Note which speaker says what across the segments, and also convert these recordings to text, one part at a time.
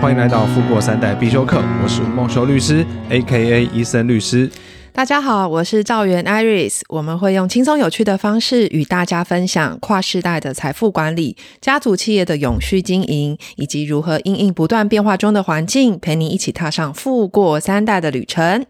Speaker 1: 歡迎來到《富過三代必修課》，我是吳孟修律師 （A.K.A. 伊森律師）。
Speaker 2: 大家好，我是趙源 （Iris）。我們會用輕鬆有趣的方式與大家分享跨世代的財富管理、家族企業的永續經營，以及如何因應不斷變化中的環境，陪你一起踏上富過三代的旅程。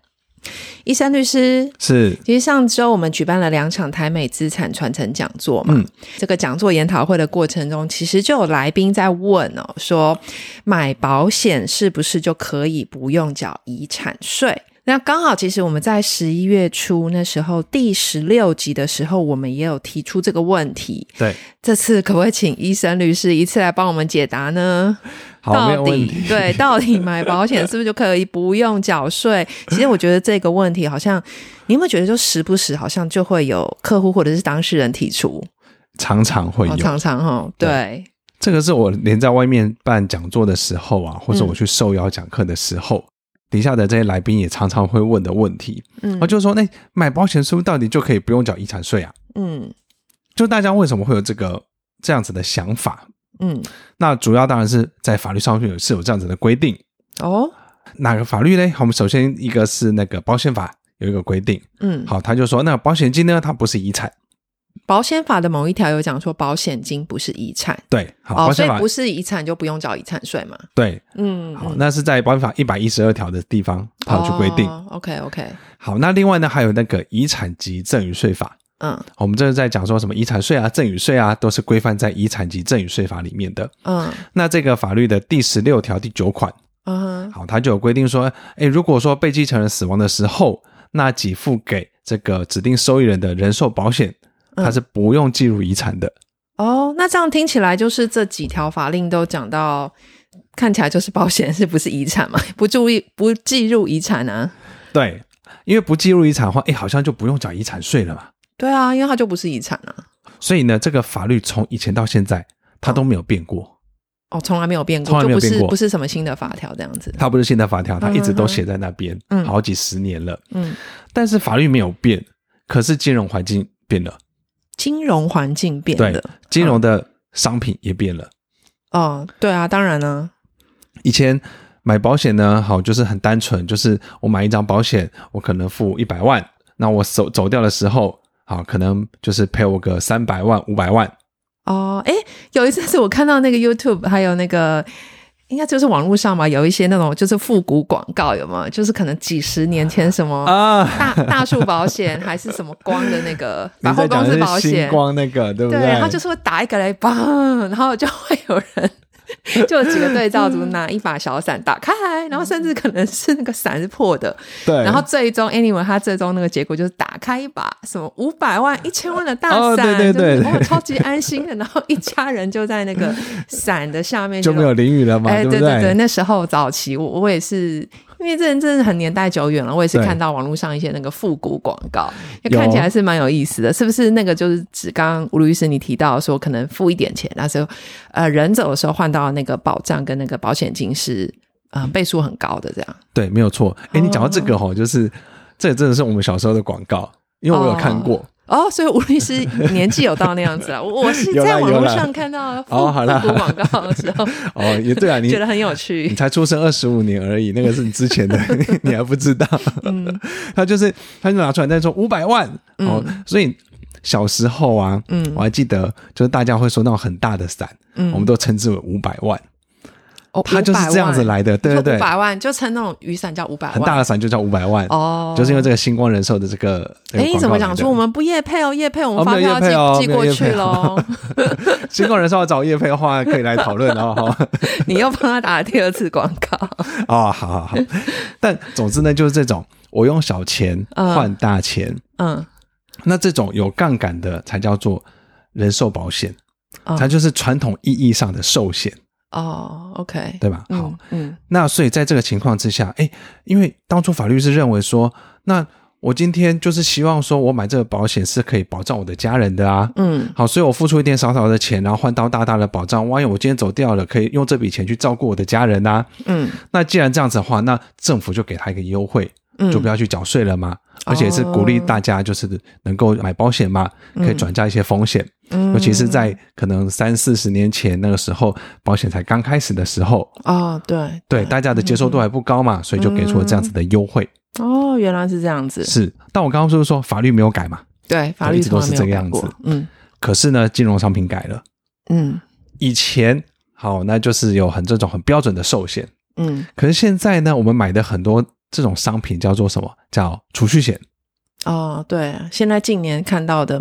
Speaker 2: 伊森律師是，其實上週我們舉辦了兩場台美資產傳承講座嘛、嗯，這個講座研討會的過程中，其實就有來賓在問哦，說買保險是不是就可以不用繳遺產稅？那剛好，其實我們在十一月初那時候第十六集的時候，我們也有提出這個問題。對，這次可不可以請伊森律師一次來幫我們解答呢？
Speaker 1: 好，到
Speaker 2: 底沒有問題。對，到底買保險是不是就可以不用繳稅？ 其實我覺得這個問題好像，你有沒有覺得就時不時好像就會有客戶或者是當事人提出？
Speaker 1: 常常會有，哦、常常哈。對，這個是我連在外面辦講座的時候啊，或者我去受邀講課的時候。嗯底下的這些來賓也常常會問的問題，嗯，啊，就是說，那、欸、買保險是不是到底就可以不用繳遺產稅啊？嗯，就大家為什麼會有這個這樣子的想法？嗯，那主要當然是在法律上面有是有這樣子的規定哦。哪個法律呢？我們首先一個是那個保險法有一個規定，嗯，好，他就說，那保險金呢，它不是遺產。
Speaker 2: 保險法的某一條有講說，保險金不是遺產，
Speaker 1: 對，好，哦、保所以不
Speaker 2: 是遺產就不用繳遺產稅嘛？
Speaker 1: 對，嗯，好，嗯、那是在保險法一百一十二條的地方它有去規定、
Speaker 2: 哦、OK OK。
Speaker 1: 好，那另外呢還有那個遺產及贈與稅法，嗯，我們這是在講說什麼遺產稅啊、贈與稅啊，都是規範在遺產及贈與稅法裡面的。嗯，那這個法律的第十六條第九款，嗯哼，好，它就有規定說，哎、欸，如果說被繼承人死亡的時候，那給付給這個指定受益人的人壽保險。它是不用計入遺產的、嗯、
Speaker 2: 哦。那這樣聽起來就是這幾條法令都講到，看起來就是保險是不是遺產嘛？不注意不計入遺產啊？
Speaker 1: 對，因為不計入遺產的話，哎、欸，好像就不用繳遺產稅了嘛。
Speaker 2: 對啊，因為它就不是遺產啊。
Speaker 1: 所以呢，這個法律從以前到現在它都沒有變過。
Speaker 2: 哦，從來沒有變過，就不是，沒有變過，不是什麼新的法條這樣子。
Speaker 1: 它不是新的法條，它一直都寫在那邊，嗯，好幾十年
Speaker 2: 了，
Speaker 1: 嗯，嗯。但是法律沒有變，可是金融環境變了。
Speaker 2: 金融環境
Speaker 1: 變了，對，金融的商品也變
Speaker 2: 了。哦，哦對啊，當然呢。
Speaker 1: 以前買保險呢，好就是很單純，就是我買一張保險，我可能付一百萬，那我走走掉的時候，啊，可能就是賠我個三百萬、五百萬。
Speaker 2: 哦，哎，有一次是我看到那個 YouTube，還有那個。應該就是網絡上嘛，有一些那種就是復古廣告，有嗎？就是可能幾十年前什麼大 大樹保險，還是什麼光的那個百貨公司保險，是光
Speaker 1: 那個對不對？對，然後就是
Speaker 2: 會打一個來嘣，然後就會有人。 就有幾個對照組拿一把小傘打開、嗯，然後甚至可能是那個傘是破的，對、嗯。然後最終，anyway，他最終那個結果就是打開一把什麼五百萬、一千萬的大傘、哦，對然後、就是、超級安心的，然後一家人就在那個傘的下面就，就沒有淋雨了嘛、欸？對對對，那時候早期我我也是。因為這人真的很年代久遠了，我也是看到網絡上一些那個復古廣告，看起來是蠻有意思的，是不是？那個就是指剛剛吳律師你提到說，可能付一點錢，那時候，呃，人走的時候換到那個保障跟那個保險金是，呃，倍數很
Speaker 1: 高的這樣。對，沒有錯。哎，你講到這個吼，哦、就是這真的是我們小時候的廣告，因為我有看過。哦
Speaker 2: 哦，所以吳律師年紀有到那樣子
Speaker 1: 啊？ 我是在網絡上
Speaker 2: 看到啊，做廣、哦、告
Speaker 1: 的時候， 哦，也對啊，你 覺得很有趣。你才出生二十五年而已，那個是你之前的， 你還不知道。 嗯、他就是他就拿出來，他說五百萬、嗯、哦，所以小時候啊、嗯，我還記得就是大家會說那種很大的傘、嗯，我們都稱之為五百萬。哦、他就是這樣子來的，對對對，五百
Speaker 2: 萬就撐那種雨傘叫五百萬，很大的
Speaker 1: 傘就叫五百萬哦，oh. 就是因為這個新光人壽的這個的，哎，你怎麼講？說我
Speaker 2: 們不業配哦，業配我們發票寄、哦哦、寄過去嘍。
Speaker 1: 哦、 新光人壽要找業配的話，可以來討論哦。
Speaker 2: 你又幫他打了第二次廣告 哦。好
Speaker 1: 好好，但總之呢，就是這種我用小錢換大錢，嗯，那這種有槓桿的才叫做人壽保險，它、嗯、就是傳統意義上的壽險。
Speaker 2: 哦、oh，OK，對吧？好，嗯，嗯，
Speaker 1: 那所以在這個情況之下，哎，因為當初法律是認為說，那我今天就是希望說我買這個保險是可以保障我的家人的啊，嗯，好，所以我付出一點少少的錢，然後換到大大的保障，萬一我今天走掉了，可以用這筆錢去照顧我的家人啊。嗯，那既然這樣子的話，那政府就給他一個優惠，就不要去繳稅了嘛。嗯而且也是鼓勵大家就是能夠買保險嘛、哦，可以轉嫁一些風險、嗯嗯。尤其是在可能三四十年前那個時候，保險才剛開始的時候
Speaker 2: 啊、哦，對
Speaker 1: 對，對，大家的接受度還不高嘛、嗯，所以就給出了這樣子的優惠。
Speaker 2: 哦，原來是這樣子。是，
Speaker 1: 但我剛剛是不是說法律沒有改嘛？
Speaker 2: 對，法律一直都是這個樣子。嗯，
Speaker 1: 可是呢，金融商品改
Speaker 3: 了。
Speaker 1: 嗯，以前好，那就是有很這種很標準的壽險。嗯，可是現在呢，我們買的很多。這種商品叫做什麼？叫儲蓄險。
Speaker 2: 哦，對，現在近年看到的，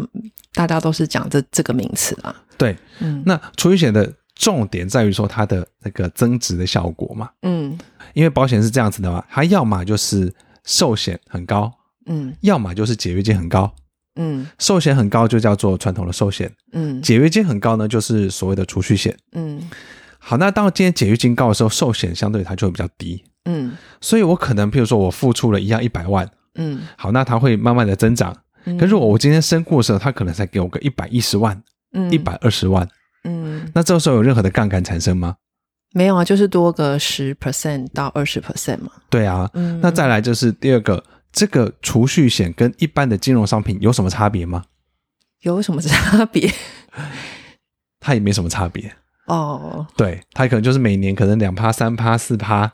Speaker 2: 大家都是講這這個名
Speaker 1: 詞啊。對，嗯，那儲蓄險的重點在於說它的那個增值的效果嘛。
Speaker 3: 嗯，
Speaker 1: 因為保險是這樣子的嘛，它要麼就是壽險很高，嗯，要麼就是解約金很高，嗯，壽險很高就叫做傳統的壽險，嗯，解約金很高呢，就是所謂的儲蓄險。嗯，好，那當今天解約金高的時候，壽險相對它就會比較低。嗯，所以，我可能，譬如說，我付出了一樣一百萬，嗯，好，那它會慢慢的增長。嗯、可是如果我今天身故的時候，它可能才給我個一百一十萬，一百二十萬，嗯，嗯，那這個時候有任何的槓桿產生嗎？
Speaker 2: 沒有啊，就是多個十 percent 到二十 percent 嘛。
Speaker 1: 對啊，嗯，那再來就是第二個，這個儲蓄險跟一般的金融商品有什麼差別嗎？
Speaker 2: 有什麼差別？
Speaker 1: 它也沒什麼差別哦。Oh. 對，它可能就是每年可能兩趴、三趴、四趴。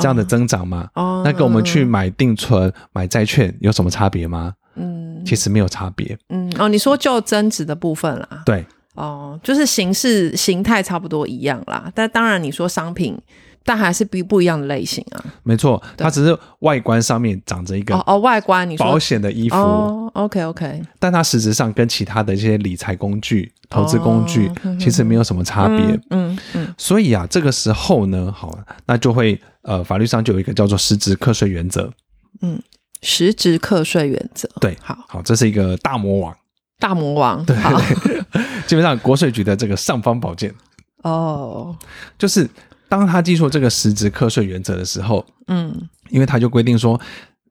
Speaker 1: 這樣的增長嗎，哦？那跟我們去買定存、嗯、買債券有什麼差別嗎？
Speaker 2: 嗯，其
Speaker 1: 實沒有差別。
Speaker 2: 嗯，哦，你說就增值的部分啦。對，哦，就是形式形態差不多一樣啦。但當然，你說商品。但還是不不一樣的類型啊，
Speaker 1: 沒錯，它只是外觀上面長着一個哦
Speaker 2: 外觀你說保險的衣服、哦哦哦、OK OK，
Speaker 1: 但它實質上跟其他的一些理財工具、投資工具、哦、其實沒有什麼差別，嗯嗯、嗯，所以啊，這個時候呢，好，那就會呃，法律上就有一個叫做實質課稅原則，嗯，實質課稅原則，對，好好，這是一個大魔王，大魔王，對、對、對。好，基本上國稅局的這個尚方寶劍，哦， 就是。當他記錯這個實質課稅原則的時候，
Speaker 3: 嗯，
Speaker 1: 因為他就規定說，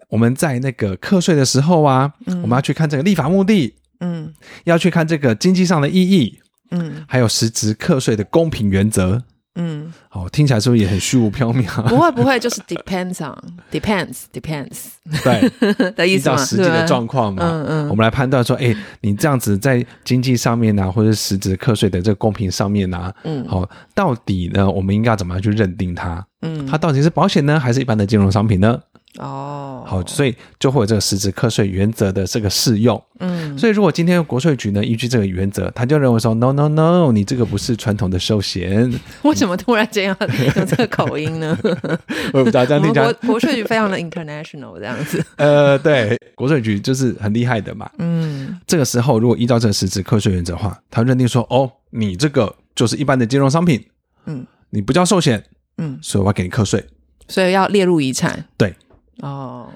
Speaker 1: 我們在那個課稅的時候啊，嗯，我們要去看這個立法目的，
Speaker 3: 嗯，
Speaker 1: 要去看這個經濟上的意義，嗯，還有實質課稅的公平原則。嗯，好，聽起來是不是也很虛無縹緲、啊？不會，
Speaker 2: 不會，就是 depends on，depends，depends， depends, 對，知 道實際的狀況嘛，嗯 嗯，我
Speaker 1: 們來判斷說，誒、欸，你這樣子在經濟上面啊，或者實質課稅的這個公平上面啊，嗯，好，到底呢，我們應該怎麼樣去認定它？嗯，它到底是保險呢，還是一般的金融商品呢？哦、oh.，好，所以就會有這個實質課稅原則的這個適用。嗯，所以如果今天國稅局呢依據這個原則，他就認為說，no no no，你這個不是傳統的壽險。
Speaker 2: 為 什麼突然這樣用
Speaker 1: 這個口音呢？ 我也不知道這樣講。國國稅
Speaker 2: 局非常的 international 這樣
Speaker 1: 子。 呃，對，國稅局就是很厲害的嘛。嗯，這個時候如果依照這個實質課稅原則的話，他認定說，哦，你這個就是一般的金融商品。嗯，你不叫壽險。嗯，所以我要給你課稅。
Speaker 2: 所以要列入遺產。
Speaker 1: 對。哦，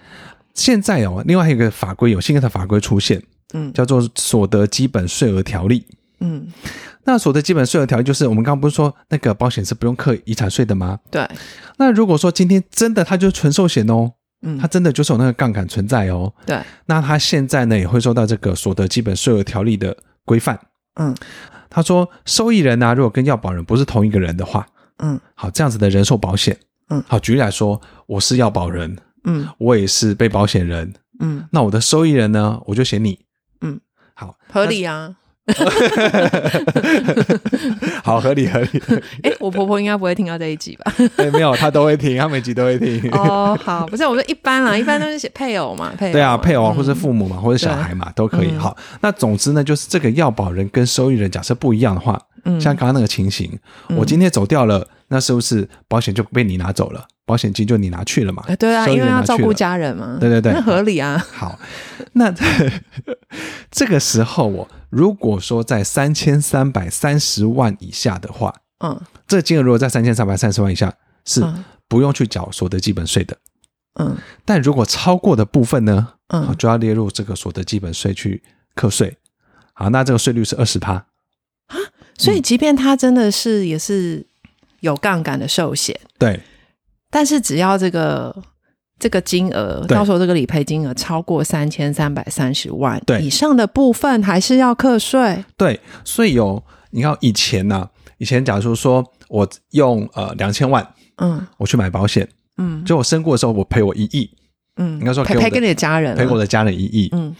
Speaker 1: 現在哦，另外還有一個法規，有新的法規出現，嗯，叫做所得基本稅額條例，嗯，那所得基本稅額條例就是我們剛剛不是說那個保險是不用課遺產稅的嗎？對，那如果說今天真的它就是純壽險哦，嗯，它真的就是有那個槓桿存在哦，對、嗯，那它現在呢也會受到這個所得基本稅額條例的規範，嗯，他說受益人呢、啊、如果跟要保人不是同一個人的話，嗯，好，這樣子的人壽保險，嗯，好，舉例來說，我是要保人。嗯，我也是被保險人。嗯，那我的受益人呢？我就寫你。嗯，好，合理啊。 好，合理，合理。
Speaker 2: 哎、欸，我婆婆應該不會聽到這一集吧？
Speaker 1: 對、 欸，沒有，她都會聽，她每集都會聽。
Speaker 2: 哦，好，不是，我說一般啦，一般都是寫配偶嘛，配偶。對
Speaker 1: 啊，配偶啊、嗯，或是父母嘛，或是小孩嘛，都可以、嗯。好，那總之呢，就是這個要保人跟受益人假設不一樣的話，嗯、像剛剛那個情形、嗯，我今天走掉了，那是不是保險就被你拿走了？保險金就你拿去了嘛？對啊，因為要照顧家人
Speaker 2: 嘛。對對對，那合理啊，啊。好，那
Speaker 1: 這個時候我、哦、如果說在三千三百三十萬以下的話，
Speaker 3: 嗯，
Speaker 1: 這個、金額如果在三千三百三十萬以下是不用去繳所得基本稅的，嗯。但如果超過的部分呢，嗯、啊，就要列入這個所得基本稅去課稅。好，那這個稅率是二十趴
Speaker 2: 啊。所以，即便它真的是也是有槓桿的壽險、嗯，對。但是只要這個這個金額，到時候這個理賠金額超過三千三百三十萬對以上的部分，還是要課稅。對，所以
Speaker 1: 有你看以前呢、啊，以前假如說說我用呃兩千萬，嗯，我去買保險，嗯，就我身故的時候我賠我一億，嗯，
Speaker 2: 應該說賠賠給你的家人，賠我的
Speaker 1: 家人一億，嗯，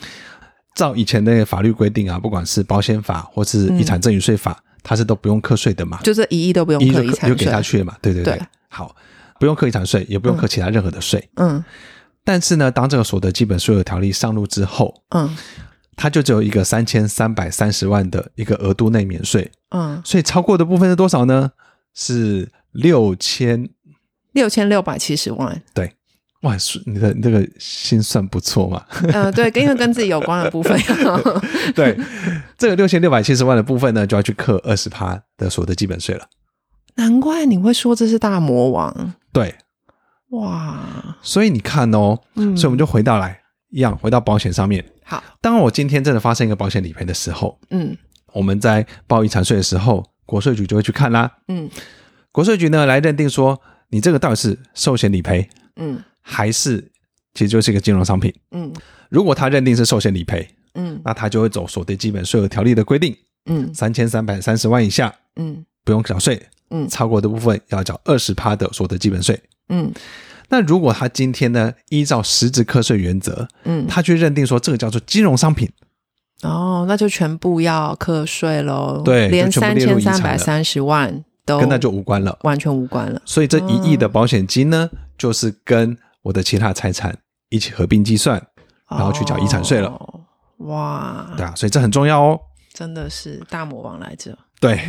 Speaker 1: 照以前的法律規定啊，不管是保險法或是遺產贈與稅法、嗯，它是都不用課稅的嘛，就
Speaker 2: 是一億都不用課稅，就給下去了嘛。對對對，
Speaker 1: 對好。不用課遺產稅，也不用課其他任何的稅、嗯。嗯，但是呢，當這個所得基本稅額條例上路之後，嗯，嗯，它就只有一個三千三百三十萬的一個額度內免稅。嗯，所以超過的部分是多少呢？是六千
Speaker 2: 六千六百七十萬。
Speaker 1: 對，哇，你的那這個心算不錯嘛。嗯、 呃，對，
Speaker 2: 跟因為跟自己有關的部分。
Speaker 1: 對，這個六千六百七十萬的部分呢，就要去扣二十趴的所得基本稅了。
Speaker 2: 難怪你會說這是大魔王。對，哇！
Speaker 1: 所以你看哦，嗯、所以我們就回到來一樣，回到保險上面。好，當我今天真的發生一個保險理賠的時候，
Speaker 3: 嗯，
Speaker 1: 我們在報遺產稅的時候，國稅局就會去看啦。嗯，國稅局呢來認定說，你這個到底是壽險理賠，嗯，還是其實就是一個金融商品，嗯。如果他認定是壽險理賠，嗯，那他就會走所得基本稅額條例的規定，嗯，三千三百三十萬以下，嗯，不用繳稅。嗯，超過的部分要繳二十趴的所得基本稅。
Speaker 2: 嗯，
Speaker 1: 那如果他今天呢，依照實質課稅原則，嗯，他去認定說，這個叫做金融商品，
Speaker 2: 哦，那就全部要課稅嘍。對，全部連三千三百三十萬
Speaker 1: 都跟那就無關了，完全無關了。所以這一億的保險金呢，哦，就是跟我的其他財產一起合併計算，然後去繳遺產稅了，哦。哇，對啊，所以這很重要
Speaker 2: 哦。真的是大魔王來着。
Speaker 1: 對，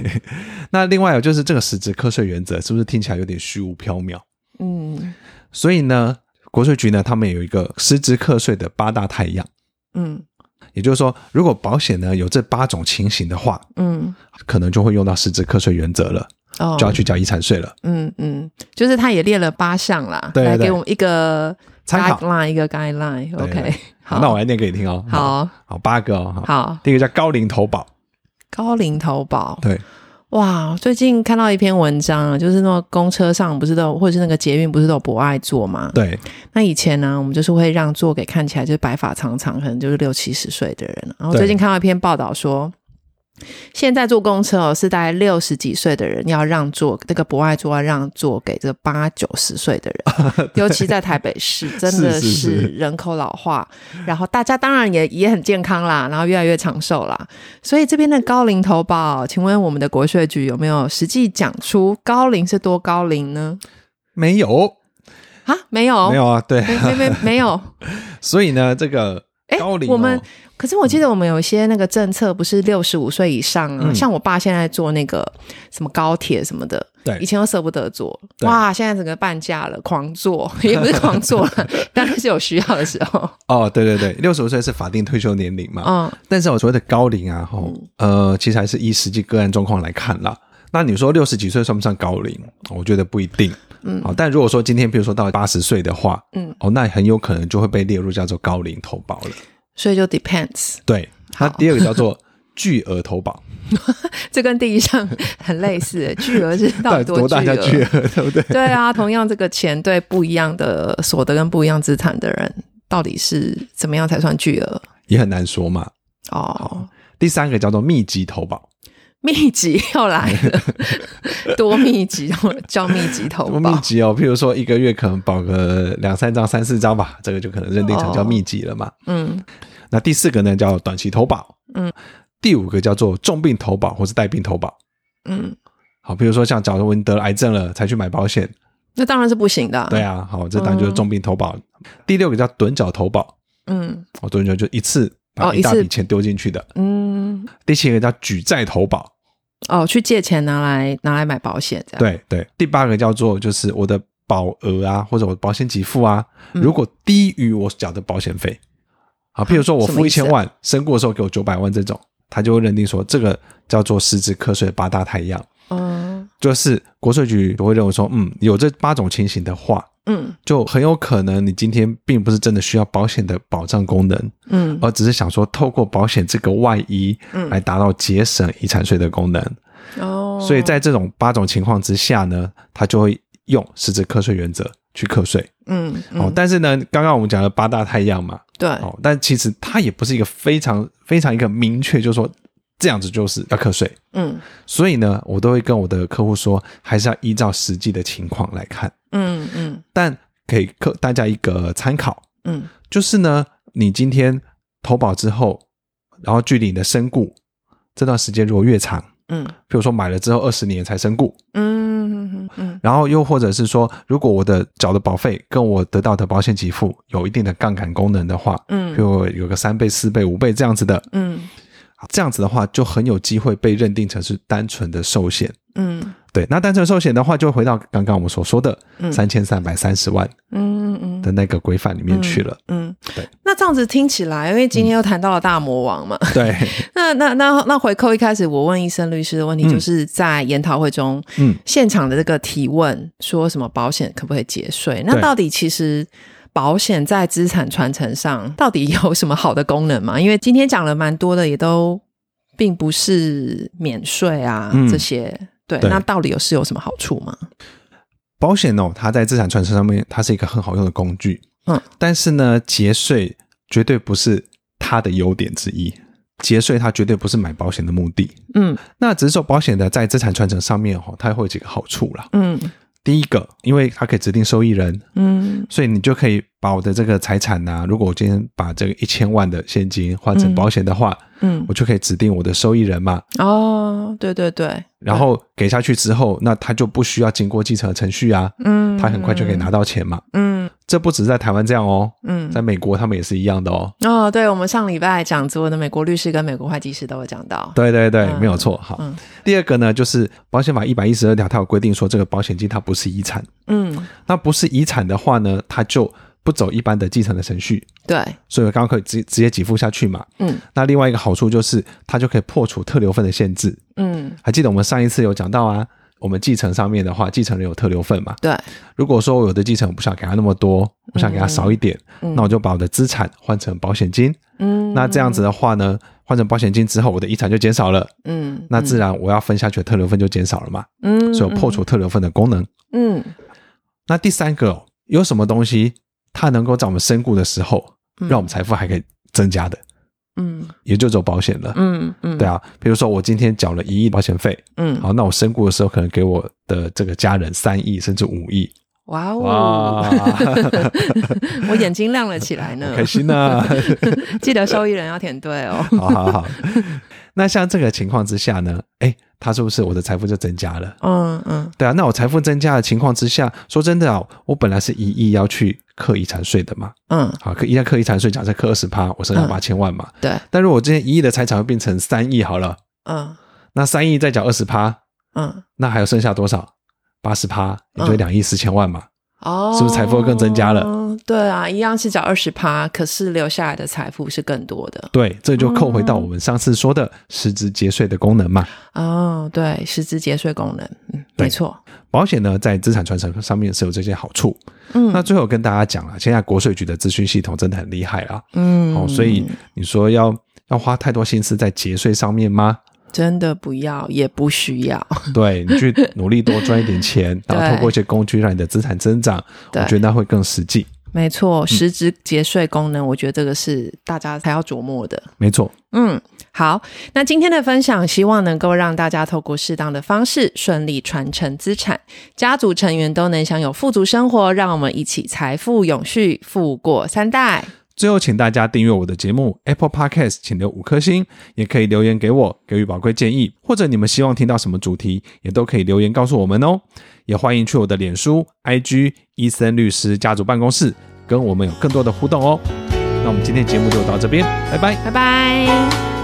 Speaker 1: 那另外有就是這個實質課稅原則，是不是聽起來有點虛無縹緲？嗯，所以呢，國稅局呢，他們有一個實質課稅的八大態樣。
Speaker 3: 嗯，
Speaker 1: 也就是說，如果保險呢有這八種情形的話，嗯，可能就會用到實質課稅原則了，哦，就要去交遺產稅
Speaker 2: 了。嗯嗯，就是他也列了八項啦，對，對，來給我們一個 guide line, 參考，一個 guideline、okay, 啊。OK，好，
Speaker 1: 好，那我來念給你聽哦。好，好，八個哦。好，第一個叫高齡投保。
Speaker 2: 高齡投保，對，哇！最近看到一篇文章，啊，就是那個公車上不是都有，或者是那個捷運不是都博愛座嘛？對，那以前呢，我們就是會讓座給看起來就是白髮蒼蒼，可能就是六七十歲的人。然後最近看到一篇報道說。現在坐公車哦，是大概六十幾歲的人要讓座，那、這個博愛座要讓座給這八九十歲的人、啊，尤其在台北市，真的是人口老化，是是是，然後大家當然也也很健康啦，然後越來越長壽啦，所以這邊的高齡投保，請問我們的國稅局有沒有實際講出高齡是多高齡呢？
Speaker 1: 沒有
Speaker 2: 啊，沒有，沒有啊，對，沒沒沒，沒有，
Speaker 1: 所以呢，這個高齡、哦欸、我們。
Speaker 2: 可是我記得我們有一些那個政策，不是六十五歲以上啊、嗯，像我爸現在坐那個什麼高鐵什麼的，對，以前都捨不得坐，哇，現在整個半價了，狂坐 也不是狂坐， 當然是有需要的時候。
Speaker 1: 哦，對對對，六十五歲是法定退休年齡嘛，嗯、哦，但是我、哦、所謂的高齡啊，吼、哦嗯，呃，其實還是依實際個案狀況來看啦。那你說六十幾歲算不算高齡？我覺得不一定，嗯，好、哦，但如果說今天譬如說到了八十歲的話，嗯，哦，那很有可能就會被列入叫做高齡投保了。
Speaker 2: 所以就 depends，
Speaker 1: 對，它第二個叫做巨額投保，
Speaker 2: 這跟第一項很類似，欸，巨額是到底多， 多大叫巨額，
Speaker 1: 對不對？對
Speaker 2: 啊，同樣這個錢對不一樣的所得跟不一樣資產的人，到底是怎麼
Speaker 1: 樣才算巨額，也很難說嘛。哦，第三個叫做密集投保。
Speaker 2: 密集又來了，多密集，叫密集投保。密
Speaker 1: 集哦，譬如說一個月可能保個兩三張、三四張吧，這個就可能認定成叫密集了嘛。
Speaker 3: 嗯，
Speaker 1: 那第四個呢叫短期投保。嗯，第五個叫做重病投保，或是帶病投保。嗯，好，譬如說像假如我們得了癌症了才去買保險，
Speaker 2: 那當然是不行的啊。對啊，
Speaker 1: 好，這當然就是重病投保。嗯。第六個叫躉繳投保。嗯，哦，躉繳就一次把一大筆錢丟進去的。哦。嗯，第七個叫舉債投保。
Speaker 2: 哦，去借錢拿來拿來買保險這樣。對
Speaker 1: 對，第八個叫做就是我的保額啊，或者我保險給付啊，如果低於我繳的保險費，好、嗯啊，譬如說我付一千萬，身故、啊、的時候給我九百萬這種，他就會認定說這個叫做實質課稅八大態樣。嗯，就是國稅局就會認為說，嗯，有這八種情形的話。嗯，就很有可能你今天並不是真的需要保險的保障功能，嗯，而只是想說透過保險這個外衣，嗯，來達到節省遺產稅的功能。哦、嗯，
Speaker 3: 所以在
Speaker 1: 這種八種情況之下呢，他就會用實質課稅原則去課稅。嗯，哦、嗯，但是呢，剛剛我們講的八大態樣嘛，對，哦，但其實它也不是一個非常非常一個明確，就是說。這樣子就是要課稅。
Speaker 3: 嗯，
Speaker 1: 所以呢，我都會跟我的客戶說，還是要依照實際的情況來看，嗯
Speaker 3: 嗯，
Speaker 1: 但給大家一個參考，嗯，就是呢，你今天投保之後，然後距離你的身故這段時間如果越長，嗯，譬如說買了之後二十年才身故，嗯嗯
Speaker 3: 嗯嗯，
Speaker 1: 然後又或者是說，如果我的繳的保費跟我得到的保險給付有一定的槓桿功能的話，嗯，比如有個三倍、四倍、五倍這樣子的，嗯。嗯這樣子的話，就很有機會被認定成是單純的壽險。嗯，對。那單純壽險的話，就會回到剛剛我們所說的三千三百三十萬嗯的那個規範裡面去了。
Speaker 2: 嗯,嗯，對。那這樣子聽起來，因為今天又談到了大魔王嘛。嗯、 對那。那那那那回扣一開始，我問伊森律師的問題，就是在研討會中，嗯，現場的這個提問，說什麼保險可不可以節稅？那到底其實？保險在資產傳承上到底有什麼好的功能嗎？因為今天講了蠻多的，也都並不是免稅啊，嗯、這些對。對，那到底有是有什麼好處嗎？
Speaker 1: 保險哦，它在資產傳承上面，它是一個很好用的工具。嗯，但是呢，節稅絕對不是它的優點之一。節稅它絕對不是買保險的目的。嗯，那只是說保險的在資產傳承上面，哦、它會有幾個好處啦。嗯。第一個，因為它可以指定受益人，嗯，所以你就可以把我的這個財產啊，如果我今天把這個一千萬的現金換成保險的話，嗯，嗯，我就可以指定我的受益人嘛。
Speaker 2: 哦，對對對。
Speaker 1: 然後給下去之後，那他就不需要經過繼承程、程序啊，嗯，他很快就可以拿到錢嘛，嗯，嗯，這不止在台灣這樣哦，嗯，在美國他們也是一樣的
Speaker 2: 哦。哦，對我們上禮拜講座的美國律師跟美國會計師都有講到，
Speaker 1: 對對對，嗯、沒有錯。好、嗯，第二個呢，就是保險法一百一十二條，它有規定說這個保險金它不是遺產，嗯，那不是遺產的話呢，它就。不走一般的繼承的程序，
Speaker 2: 對，
Speaker 1: 所以我剛剛可以直直接給付下去嘛，嗯。那另外一個好處就是，它就可以破除特留份的限制，嗯。還記得我們上一次有講到啊，我們繼承上面的話，繼承人有特留份嘛，對。如果說我有的繼承不想給他那麼多，我想給他少一點，嗯，那我就把我的資產換成保險金，嗯。
Speaker 3: 那這樣
Speaker 1: 子的話呢，換成保險金之後，我的遺產就減少了，嗯。那自然我要分下去的特留份就減少了嘛，嗯。所以我破除特留份的功能。嗯，嗯。那第三個有什麼東西？它能夠在我們身故的時候，讓我們財富還可以增加的，
Speaker 3: 嗯，
Speaker 1: 也就走保險了，嗯嗯，對啊，比如說我今天繳了一億保險費，嗯，好，那我身故的時候可能給我的這個家人三億甚至五億，
Speaker 2: 哇哦，哦哦、 我眼睛亮了起來呢，開心啊！ 記得受益人要填對哦， 好好好。
Speaker 1: 那像這個情況之下呢，哎、欸。他是不是我的財富就增加了？嗯嗯，對啊，那我財富增加的情況之下，說真的啊，我本來是一億要去課遺產稅的嘛。嗯，好，課一下課遺產稅，假設課二十趴，我剩下八千萬嘛，嗯。對，但如果今天一億的財產會變成三億好
Speaker 3: 了，
Speaker 1: 嗯，那三億再繳二十趴，
Speaker 2: 嗯，
Speaker 1: 那還有剩下多少？八十趴，也就兩億四千萬嘛。嗯嗯哦，是不是財富更增加了？
Speaker 2: 對啊，一樣是繳二十趴，可是留下來的財富是更多的。
Speaker 1: 對，這就扣回到我們上次說的實質節稅的功能嘛。
Speaker 2: 哦，對，實質節稅功能，
Speaker 1: 嗯，沒錯對。保險呢，在資產傳承上面是有這些好處。嗯，那最後跟大家講啊，現在國稅局的資訊系統真的很厲害啦。
Speaker 2: 嗯，哦，所以
Speaker 1: 你說要要花太多心思在節稅上面嗎？
Speaker 2: 真的不要，也不需要。
Speaker 1: 對，你去努力多賺一點錢， 然後通過一些工具讓你的資產增長，我覺得那會更實際。
Speaker 2: 沒錯，實質節稅功能、嗯，我覺得這個是大家才要琢磨的。
Speaker 1: 沒錯，
Speaker 2: 嗯，好，那今天的分享，希望能夠讓大家透過適當的方式，順利傳承資產，家族成員都能享有富足生活。讓我們一起財富永續，富過三代。
Speaker 1: 最後，請大家訂閱我的節目 Apple Podcast，請留五顆星，也可以留言給我，給予寶貴建議，或者你們希望聽到什麼主題，也都可以留言告訴我們哦。也歡迎去我的臉書、IG 伊森律師家族辦公室，跟我們有更多的互動哦。那我們今天節目就到這邊，拜拜，拜拜。